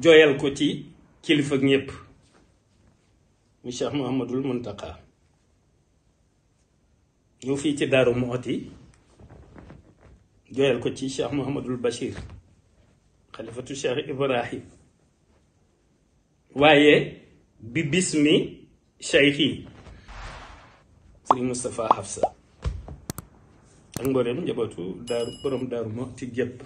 joyal ko ci kilifa ak ñépp mu Cheikh Mouhamadul Muntaqa ñëw fii ci Daaru Muxti joyal ko ci Cheikh Mouhamadul Bachir xalifatu Cheikh Ibrahim waaye bi bismi Cheikh yi Sëriñ Moustapha Hafsa ak mbooleem njabootu daaru borom Daaru Muxti gépp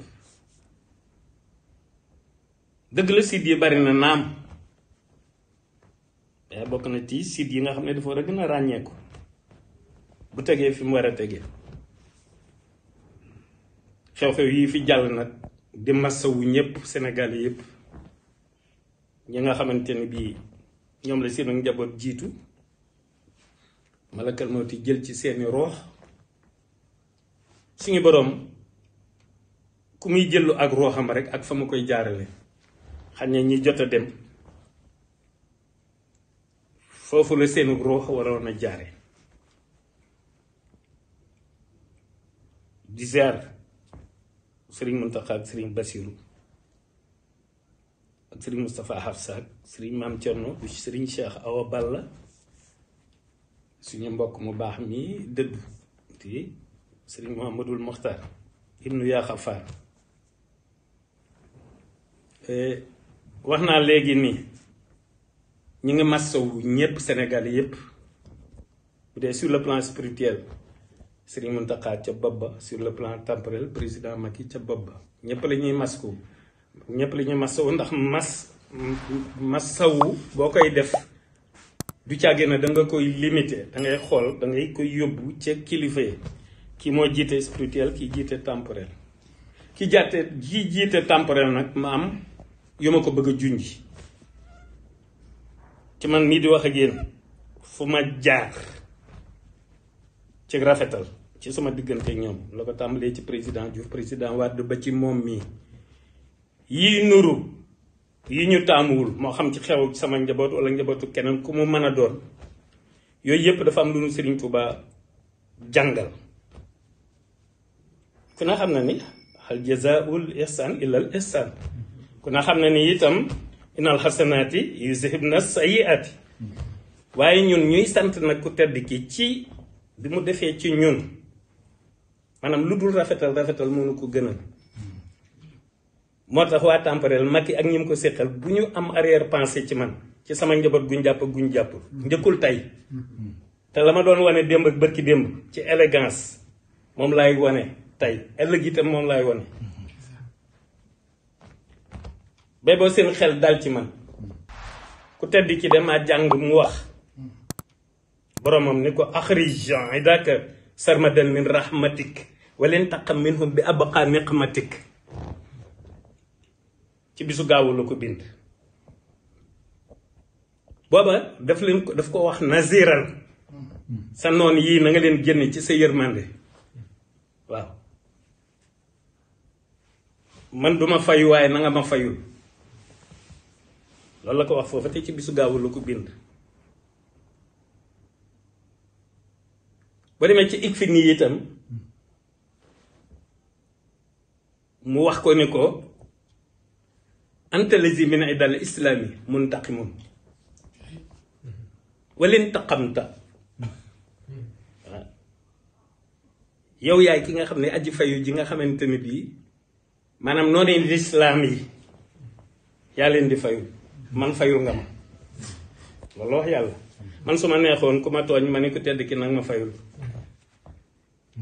dëgg la site yi bari na naam mais eh, bokk na ci site yi nga xam ne dafa war a gën a ràññeeku bu tegee fi mu war a tege xew-xew yii fi jàll nag di wu ñëpp senegal yépp ñi nga xamante ni bii ñoom la seenu njaboot jiitu malakal mawti jël ci seeni roox suñu boroom ku muy jëlu ak rooxam rek ak fa ma koy jaarale xam ne ñi jot a dem foofu la seen ruux waroon a jaare di sëriñ Muntaxa ak sëriñ Basiru ak sëriñ Moustapha Hafsa sëriñ Maam Cerno bu sëriñ Cheikh Awa Balla suñu mbokk mu baax mi dëdd te sëriñ Muhammadul Muxtaar ibnu Yaa Xafaar eh, wax naa léegi ni ñu ngi massawu ñëpp Sénégal yëpp bu dee sur le plan spirituel Serigne Mountakha ca ba sur le plan temporel président Macky ca Babba ñëpp la ñuy masku ñëpp la ñuy massawu ndax mas massawu boo koy def du càggee na danga koy limité da ngay xool da ngay koy yóbbu ca kilifa yi kii moo jiite spirituel kii jiite temporel ki jàtte kii jiite temporel nag ma am. yu ma ko bëgg a junj ci man mii di wax a yéen fu ma jaar ci rafetal ci sama diggante ak ñoom la ko tàmbalee ci président Diouf président wadd ba ci moom mii yi nuru yi ñu taamuwul moo xam ci xew sama njaboot wala njabootu keneen ku mu mën a doon yooyu yëpp dafa am lu nu Serigne ba jàngal ku ne xam na ni al jazaul ihsan illal ihsan ku na xam ne ni itam inal xasanaati yuzhibna sayiati waaye ñun ñuy sant nag ku tedd ki ci bi mu defee ci ñun maanaam lu dul rafetal rafetal mënu ko gënal moo tax waa temporel yi ak ñi ko séqal bu ñu am arrière pensée ci man ci sama njaboot guñ jàpp guñ jàpp njëkkul tey te la ma doon wane démb ak bërki démb ci élégance moom lay wone tey ëllëg itam moom lay wane ba ba seen xel dal ci man ku tedd ki dama jàng mu wax boromam ni ko axrij idaka sarmadan min rahmatik waleen taqam minhum bi abqa niqmatik ci bisu gaawu la ko bind booba daf ko daf ko wax naziral sa noon yii na nga leen génne ci sa yërmande waaw man duma fayu waaye na ma fayul loolu la ko wax foofu te ci bisu gaawu la ko bind ba demee ci ikfin yi itam mu wax ko ni ko anta lazi min idal islami muntaqimun walin taqamta yow yaay ki nga xam ne aj fayu ji nga xamante ne bii maanaam noonu lislaam yi yaa leen di fayu man fayul nga ma loolu wax yàlla man su ma neexoon ku ma tooñ ma ni ku tedd ki nag ma fayul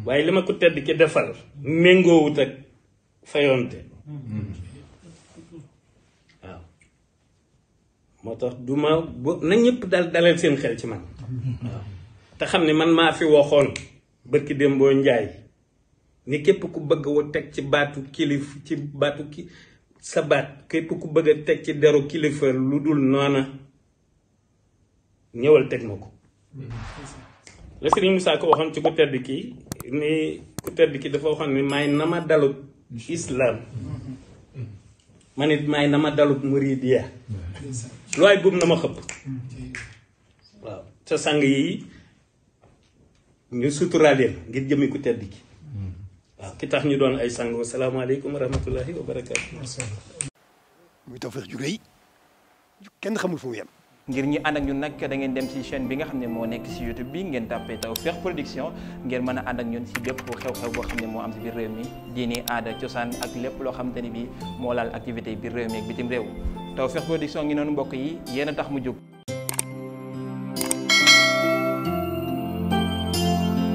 waaye li ma ku tedd ki defal wut ak fayonte waaw moo tax du ma na ñëpp dal dalal seen xel ci man waaw te xam ne man maa fi waxoon bërki démboo njaay ni képp ku bëgg wa teg ci baatu kilif ci baatu ki sa baat képp ku bëgg a teg ci deru kilifa lu dul noona ñëwal teg ma ko mm-hmm. la sëriñ Moussa ko waxoon ci ku tedd ki ni ku tedd ki dafa waxoon ni may na ma dalub islam mm-hmm. ma nit may na ma dalub muridiya mm-hmm. looy buum na ma xëpp waaw sa sang yi ñu suturaal ngir jëmi ku tedd ki waaw ki tax ñu doon ay sang salaamaaleykum wa rahmatullahi wa barakaatu. muy Tawfekh jugee kenn xamul fu mu ngir ñu ànd ak ñun nag da ngeen dem ci chaîne bi nga xam ne moo nekk ci YouTube bi ngeen tàppee Tawfekh Production ngeen mën a ànd ak ñun ci bépp xew-xew boo xam ne moo am ci biir réew mi diini aada cosaan ak lépp loo xamante ni bi moo laal activité biir réew mi ak bitim réew Tawfekh Production ngi noonu mbokk yi yéen a tax mu jóg.